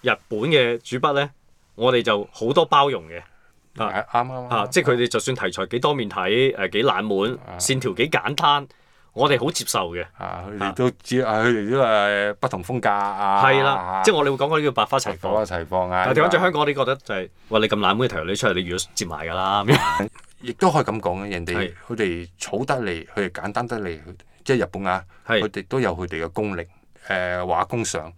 日本嘅主筆咧，我哋就好多包容嘅。係。啱啊。啊，即係佢哋就算題材幾多面體，誒幾冷門，線條幾簡單，我哋好接受嘅。啊，佢哋都知，佢哋都係不同風格啊。係啦，即係我哋會講講呢個百花齊放啊，齊放啊。但係講在香港，你覺得就係，喂，你咁冷門嘅題材你出嚟，你預咗接埋㗎啦咁樣。亦都可以咁講嘅，人哋佢哋草得嚟，佢哋簡單得嚟，即係日本啊，佢哋是都有佢哋嘅功力。誒、呃，畫工上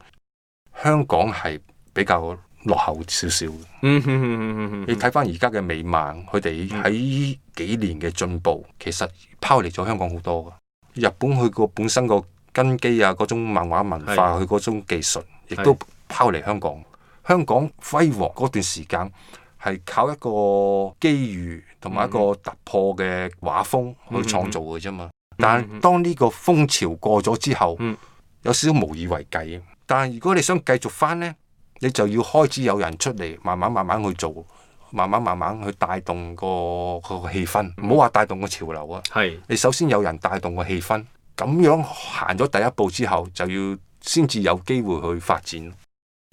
香港係比較落後少少。嗯 你睇翻而家嘅美漫，佢哋喺依幾年嘅進步，其實拋離咗香港好多㗎。日本佢個本身個根基啊，嗰種漫畫文化，佢嗰是種技術，亦是都拋離香港。是香港輝煌嗰段時間係靠一個機遇。同埋一個突破嘅畫風去創造嘅啫嘛，嗯嗯嗯嗯，但係當呢個風潮過咗之後，嗯嗯嗯嗯，有少少無以為繼。但係如果你想繼續翻呢，你就要開始有人出嚟，慢慢慢慢去做，慢慢慢慢去帶動個個氣氛。唔好話帶動個潮流啊！係是你首先有人帶動個氣氛，咁樣行咗第一步之後，就要先至有機會去發展。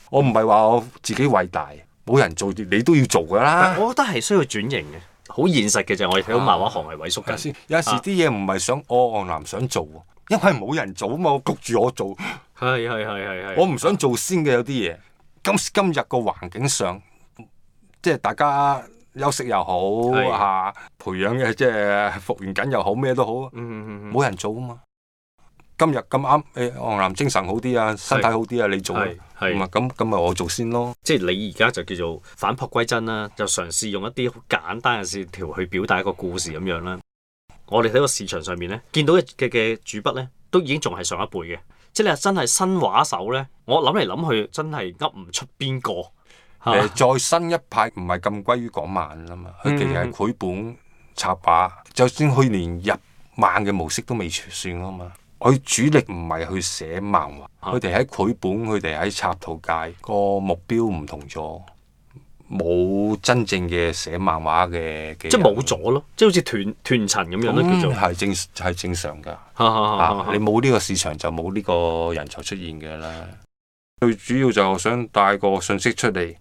我唔係話我自己偉大，冇人做你都要做㗎啦。我覺得係需要轉型嘅。好現實嘅就係我哋睇到漫畫行業萎縮緊先。啊、有時啲嘢唔係想，我昂南想做因為冇人做啊嘛，我焗住我做。係係係係。我唔想先做先嘅有啲嘢。今時今日個環境上，即係大家休息又好嚇的、啊，培養嘅即係復原緊又好，咩都好。冇、嗯嗯嗯、人做啊嘛。今日咁啱，誒昂藍精神好啲啊，身體好啲啊，是你做啊，咁咁咪我做先咯。即係你而家就叫做反璞歸真啦、啊，就嘗試用一啲好簡單嘅線條去表達一個故事咁樣啦、啊。嗯、我哋喺個市場上面咧，見到嘅嘅主筆咧，都已經仲係上一輩嘅。即係你真係新畫手咧，我諗嚟諗去真係噏唔出邊個。誒、啊呃，再新一派唔係咁歸於港漫啊嘛，佢、嗯嗯、其實係繪本插畫，就算佢連日漫嘅模式都未算啊嘛。佢主力唔係去寫漫畫，佢哋喺繪本，佢哋喺插圖界個目標唔同咗，冇真正嘅寫漫畫嘅嘅。即係冇咗咯，即係好似斷斷層咁樣咯，叫係、嗯、就正係正常㗎、啊。你冇呢個市場就冇呢個人才出現嘅啦。最主要就想帶個訊息出嚟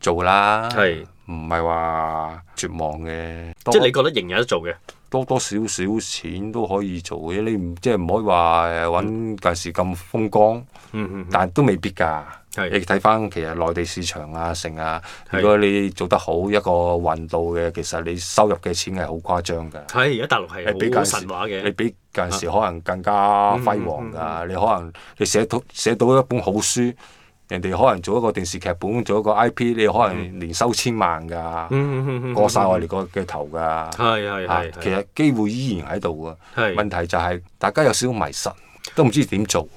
做啦。係。唔係話絕望嘅，即係你覺得仍有得做嘅，多多少少錢都可以做嘅。你唔即係唔可以話誒揾嗰陣時咁風光，嗯嗯嗯、但係都未必㗎。的你睇翻其實內地市場啊，成啊，的如果你做得好一個運動嘅，其實你收入嘅錢係好誇張㗎。係而家大陸係比較神話嘅，比啊、你比嗰陣時可能更加輝煌㗎。嗯嗯嗯嗯、你可能你寫到寫到一本好書，人哋可能做一個電視劇本，做一個 IP，你可能年收千萬㗎，嗯嗯嗯嗯、過晒我哋個嘅頭㗎。係、嗯嗯、其實機會依然喺度㗎。問題就係大家有少少迷失，都唔知點做。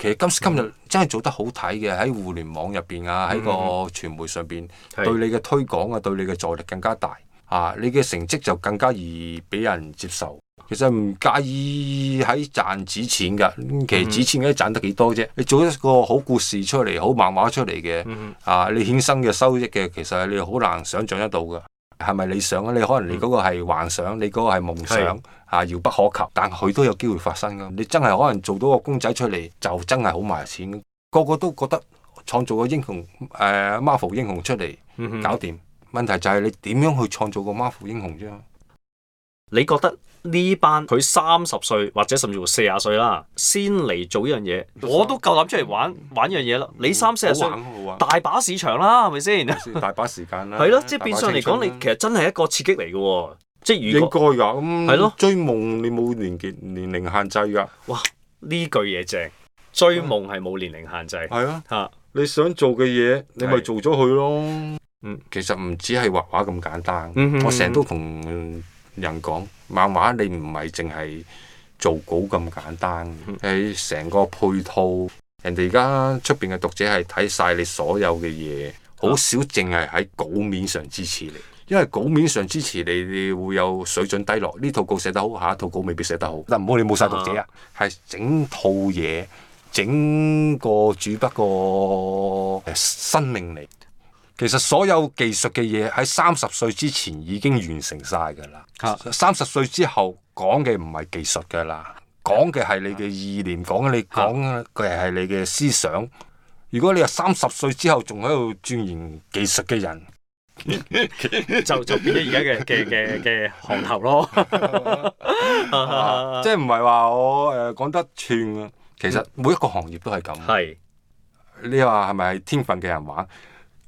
其實今時、嗯、今日真係做得好睇嘅，喺互聯網入邊啊，喺個傳媒上邊、嗯嗯、對你嘅推廣啊，對你嘅助力更加大啊，你嘅成績就更加易俾人接受。其實唔介意喺賺紙錢噶，其實紙錢嘅賺得幾多啫？你做一個好故事出嚟，好漫畫出嚟嘅，嗯、哼啊，你衍生嘅收益嘅，其實你好難想象得到噶，係咪理想啊？你可能你嗰個係幻想，你嗰個係夢想，吓遙是、啊、不可及，但係佢都有機會發生噶。你真係可能做到個公仔出嚟，就真係好賣錢，個個都覺得創造個英雄，誒、呃、Marvel 英雄出嚟，搞掂。嗯、哼問題就係你點樣去創造個 Marvel 英雄啫？你覺得？呢班佢三十歲或者甚至乎四十歲啦，先嚟做呢樣嘢，我都夠膽出嚟玩玩樣嘢啦。你三四十歲，大把市場啦，係咪先？大把時間啦。係咯，即係變相嚟講，你其實真係一個刺激嚟嘅。即係應該噶。係咯，追夢你冇年紀年齡限制噶。哇，呢句嘢正，追夢係冇年齡限制。係啊，吓你想做嘅嘢，你咪做咗佢咯。嗯，其實唔止係畫畫咁簡單。嗯哼，我成日都同。人講漫畫，你唔係淨係做稿咁簡單，喺成、嗯、個配套，人哋而家出邊嘅讀者係睇晒你所有嘅嘢，好少淨係喺稿面上支持你，因為稿面上支持你，你會有水準低落。呢套稿寫得好，下一套稿未必寫得好。嗱，唔好你冇晒讀者啊，係整套嘢，整個主筆個生命嚟。其實所有技術嘅嘢喺三十歲之前已經完成晒㗎啦。三十歲之後講嘅唔係技術㗎啦，講嘅係你嘅意念，的講嘅你講嘅係你嘅思想。的如果你話三十歲之後仲喺度鑽研技術嘅人， 就就變咗而家嘅嘅嘅嘅行頭咯。 啊、即係唔係話我誒、呃、講得串，其實每一個行業都係咁。係、嗯、你話係咪天分嘅人玩？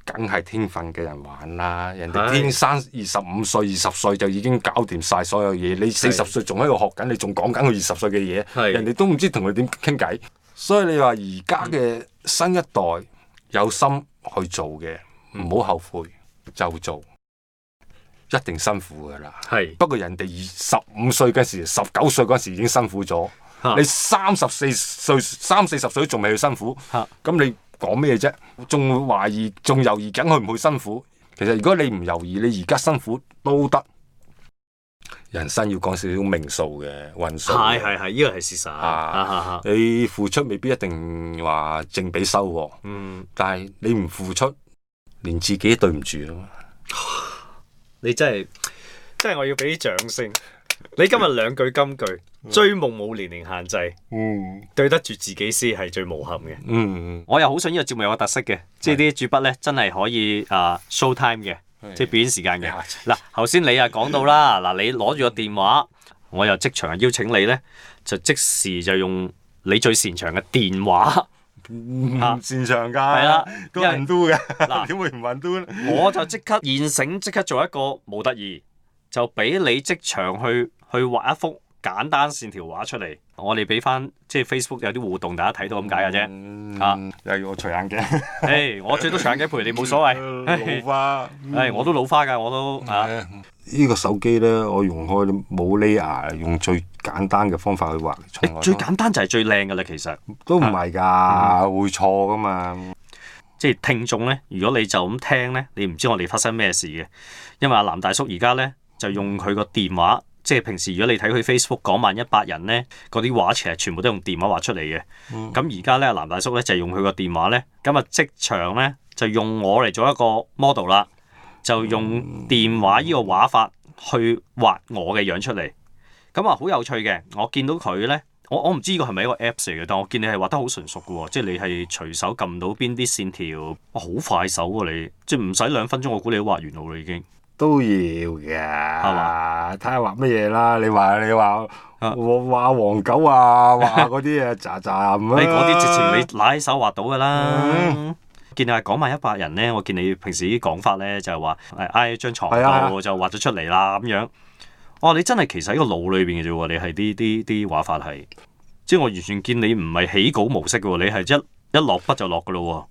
梗係天分嘅人玩啦，人哋天生二十五歲、二十歲就已經搞掂晒所有嘢，你四十歲仲喺度學緊，是你仲講緊佢二十歲嘅嘢，是人哋都唔知同佢點傾偈。所以你話而家嘅新一代有心去做嘅，唔好，嗯、後悔就做，一定辛苦噶啦。係是不過人哋二十五歲嗰時、十九歲嗰時已經辛苦咗，是你三十四歲、三四十歲仲未去辛苦，咁是你。講咩啫？仲會懷疑，仲猶豫緊，去唔去辛苦？其實如果你唔猶豫，你而家辛苦都得。人生要講少少命數嘅運數，係係係，呢個係事實。你付出未必一定話正比收穫。嗯，但係你唔付出，連自己都對唔住啊！你真係，真係我要俾啲掌聲。你今日兩句金句，追夢冇年齡限制，嗯，對得住自己先係最無憾嘅，嗯嗯。我又好想呢個節目有個特色嘅，即係啲主筆咧真係可以啊、uh, show time 嘅，的即係表演時間嘅。嗱的，頭先、啊、你又講到啦，嗱， 你攞住個電話，我又即場邀請你咧，就即時就用你最擅長嘅電話，唔擅、嗯、長㗎，都唔都嘅，嗱點、啊、會唔運都？我就即刻現成，即刻做一個模特兒，就俾你即場去。去畫一幅簡單線條畫出嚟，我哋俾翻即係 Facebook 有啲互動，大家睇到咁解嘅啫。嗯、啊，又要我除眼鏡？誒 ，hey, 我最多除眼鏡陪你，冇所謂。 老花，誒、嗯，hey, 我都老花㗎，我都、嗯、啊。呢個手機咧，我用開冇 layer，用最簡單嘅方法去畫。最簡單就係最靚㗎啦，其實都唔係㗎，啊、會錯㗎嘛。嗯、即係聽眾咧，如果你就咁聽咧，你唔知我哋發生咩事嘅，因為阿藍大叔而家咧就用佢個電話。即係平時如果你睇佢 Facebook 講萬一百人咧，嗰啲畫其實全部都用電話畫出嚟嘅。咁而家咧，藍大叔咧就係、是、用佢個電話咧，咁就即場咧就用我嚟做一個 model 啦，就用電話依個畫法去畫我嘅樣出嚟。咁啊，好有趣嘅。我見到佢咧，我我唔知呢個係咪一個 apps 嚟嘅，但我見你係畫得好純熟嘅喎，即係你係隨手撳到邊啲線條，好、啊、快手喎、啊、你，即係唔使兩分鐘，我估你都畫完啦已經。都要嘅，係嘛吧？睇下畫乜嘢啦！你話你話，我畫、啊、黃狗啊，畫嗰啲誒，渣渣咁樣，攞啲直情你奶手畫到噶啦。嗯、見你講埋一百人咧，我見你平時啲講法咧，就係話挨張床度就畫咗出嚟啦咁、啊、樣。哦、啊，你真係其實喺個腦裏邊嘅啫喎，你係啲啲啲畫法係，即係我完全見你唔係起稿模式嘅，你係一一落筆就落噶咯喎。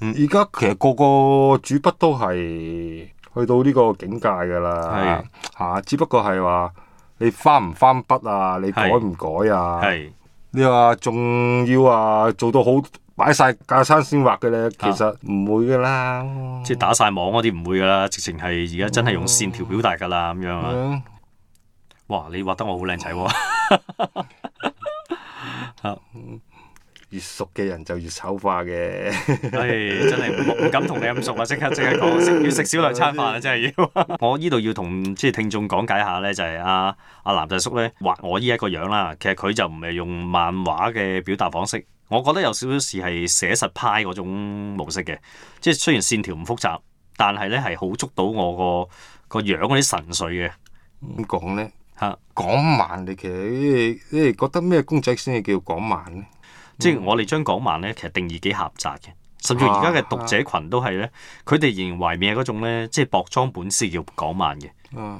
嗯、而家其實個個主筆都係。去到呢個境界㗎啦，吓係、啊，只不過係話你翻唔翻筆啊，你改唔改啊？你話仲要話做到好擺晒架生先畫嘅咧，其實唔、啊、會㗎啦。即係打晒網嗰啲唔會㗎啦，直情係而家真係用線條表達㗎啦咁、嗯、樣啦。嗯、哇！你畫得我好靚仔喎～、啊 啊越熟嘅人就越醜化嘅。唉、 哎，真係唔敢同你咁熟啊！即刻即刻講，要食少兩餐飯啊！真係要。 我呢度要同即係聽眾講解下咧，就係阿阿藍仔叔咧畫我依一個樣啦。其實佢就唔係用漫畫嘅表達方式，我覺得有少少似係寫實派嗰種模式嘅，即係雖然線條唔複雜，但係咧係好捉到我個個樣嗰啲神髓嘅。點講咧？嚇 講慢你其實你你覺得咩公仔先係叫講慢咧？即係我哋將港漫咧，其實定義幾狹窄嘅，甚至而家嘅讀者群都係咧，佢哋、啊、仍然懷念嗰種咧，即係薄裝本先叫港漫嘅。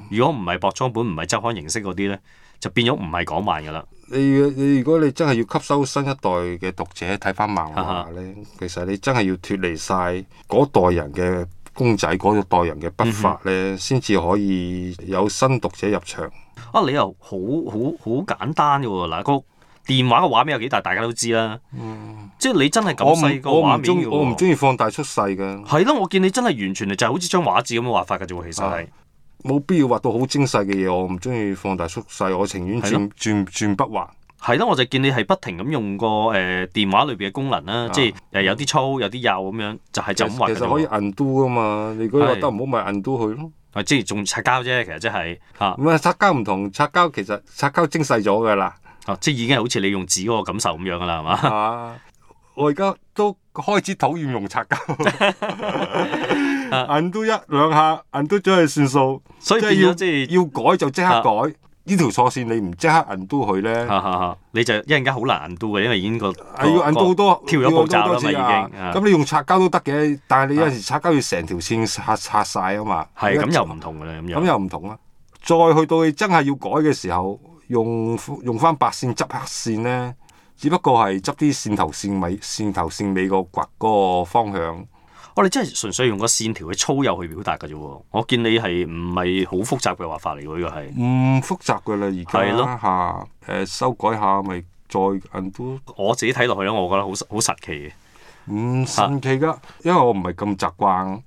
如果唔係薄裝本，唔係周刊形式嗰啲咧，就變咗唔係港漫噶啦。你你如果你真係要吸收新一代嘅讀者睇翻漫畫咧，其實你真係要脫離晒嗰代人嘅公仔，嗰、嗯、哼代人嘅筆法咧，先至可以有新讀者入場。啊，你又好好好簡單嘅喎，嗱個。電話嘅畫面有幾大，大家都知啦。嗯、即係你真係咁細個畫面我，我唔中意放大縮細嘅。係啦，我見你真係完全就係好似張畫紙咁畫法嘅啫，啊、其實係冇必要畫到好精細嘅嘢。我唔中意放大縮細，我情願轉轉轉筆畫。係啦了，我就見你係不停咁用個誒、呃、電話裏邊嘅功能啦，啊、即係有啲粗有啲幼咁樣，就係咁畫。其實可以 undo 啊嘛，你如果覺得唔好咪 undo 佢咯。即係仲擦膠啫，其實即係吓。咁啊，擦膠唔同擦膠，其實擦膠精細咗噶啦。即係已經係好似你用紙嗰個感受咁樣噶啦，係嘛？我而家都開始討厭用擦膠，印都一兩下，印都咗係算數。所以要即係要改就即刻改，呢條錯線你唔即刻印都佢咧，你就因為而家好難都嘅，因為已經個係要印都好多，跳咗步驟啦嘛已經。咁你用擦膠都得嘅，但係你有時擦膠要成條線擦擦曬啊嘛。係咁又唔同嘅咧，咁又唔同啦。再去到你真係要改嘅時候。用用返白線執黑線咧，只不過係執啲線頭線尾線頭線尾個掘、個方向。我哋、哦、真係純粹用個線條嘅粗幼去表達嘅啫。我見你係唔係好複雜嘅畫法嚟㗎？呢個係唔複雜㗎啦，而家係咯嚇誒，修改下咪再都我自己睇落去咧，我覺得好好神奇嘅。唔、嗯、神奇㗎，啊、因為我唔係咁習慣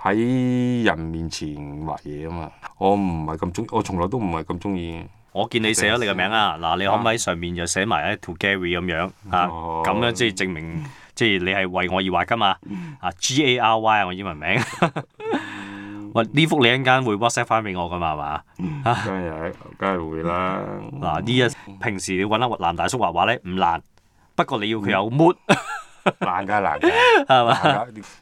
喺人面前畫嘢啊嘛。我唔係咁鍾，我從來都唔係咁鍾意。我見你寫咗你個名啊，嗱，你可唔可以上面就寫埋咧 To Gary 咁樣啊？咁、啊、樣即係證明 即係你係為我而畫噶嘛？啊 Gary 啊，G A R、Y，我英文名。喂、 啊，呢幅你一陣會，會 WhatsApp 翻俾我噶嘛？係嘛？梗係梗係會啦。嗱、啊，呢一平時你揾阿男大叔畫畫咧唔難，不過你要佢有 mood 難嘅係難嘅，係嘛？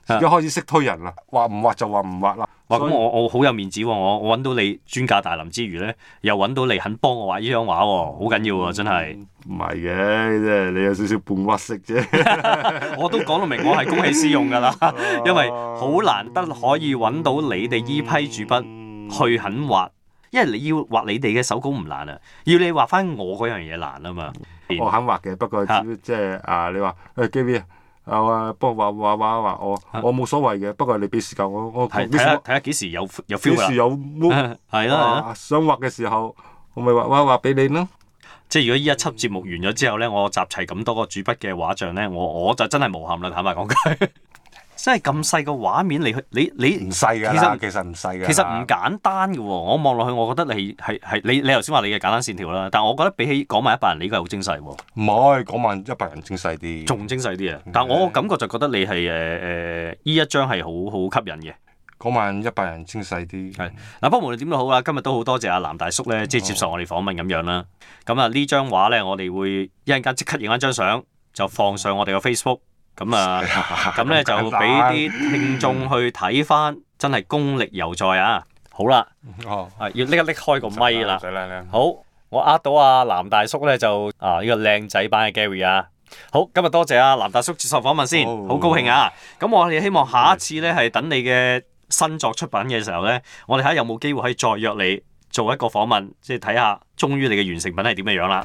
而家吧開始識推人啦，畫唔畫就畫唔畫啦。咁、啊、我我好有面子喎、啊，我我揾到你專家大林之餘咧，又揾到你肯幫我畫呢張畫，好緊要啊！真係唔係嘅，真係、嗯、你有少少半屈式啫。 我都講到明，我係公器私用噶啦，因為好難得可以揾到你哋依批主筆去肯畫，因為你要畫你哋嘅手稿唔難啊，要你畫翻我嗰樣嘢難啊嘛。我肯畫嘅，不過即、就、係、是、啊、啊，你話誒、欸、Gary 啊，幫我我啊，不過畫畫畫畫我我冇所謂嘅，不過你俾時間我我睇下睇一幾時有有 feel 啦，幾時有冇係啦，畫的想畫嘅時候我咪畫畫畫俾你咯。即係如果依一輯節目完咗之後咧，我集齊咁多個主筆嘅畫像咧，我我就真係無憾啦，坦白講句。 真係咁細個畫面，你去你你唔細㗎。其實其實唔細㗎。其實唔簡單㗎喎。我望落去，我覺得你係係你你頭先話你嘅簡單線條啦。但係我覺得比起講埋一百人，你呢個係好精細喎。唔係講埋一百人精細啲。仲精細啲啊！的但係我感覺就覺得你係誒誒呢一張係好好吸引嘅。講埋一百人精細啲係。嗱，不過無論點都好啦，今日都好多謝阿藍大叔咧，即係接受我哋訪問咁樣啦。咁啊、哦，呢張畫咧，我哋會一陣間即刻影一張相，就放上我哋嘅 Facebook。咁啊，咁咧 呢就俾啲聽眾去睇翻， 真係功力猶在啊！好啦，哦、啊要拎一拎開一個咪啦，好，我呃到阿、啊、藍大叔咧就啊呢、這個靚仔版嘅 Gary 啊，好，今日多謝啊藍大叔接受訪問先，好、哦、高興啊！咁我哋希望下一次咧係等你嘅新作出品嘅時候咧，我哋睇下有冇機會可以再約你做一個訪問，即係睇下終於你嘅完成品係點嘅樣啦。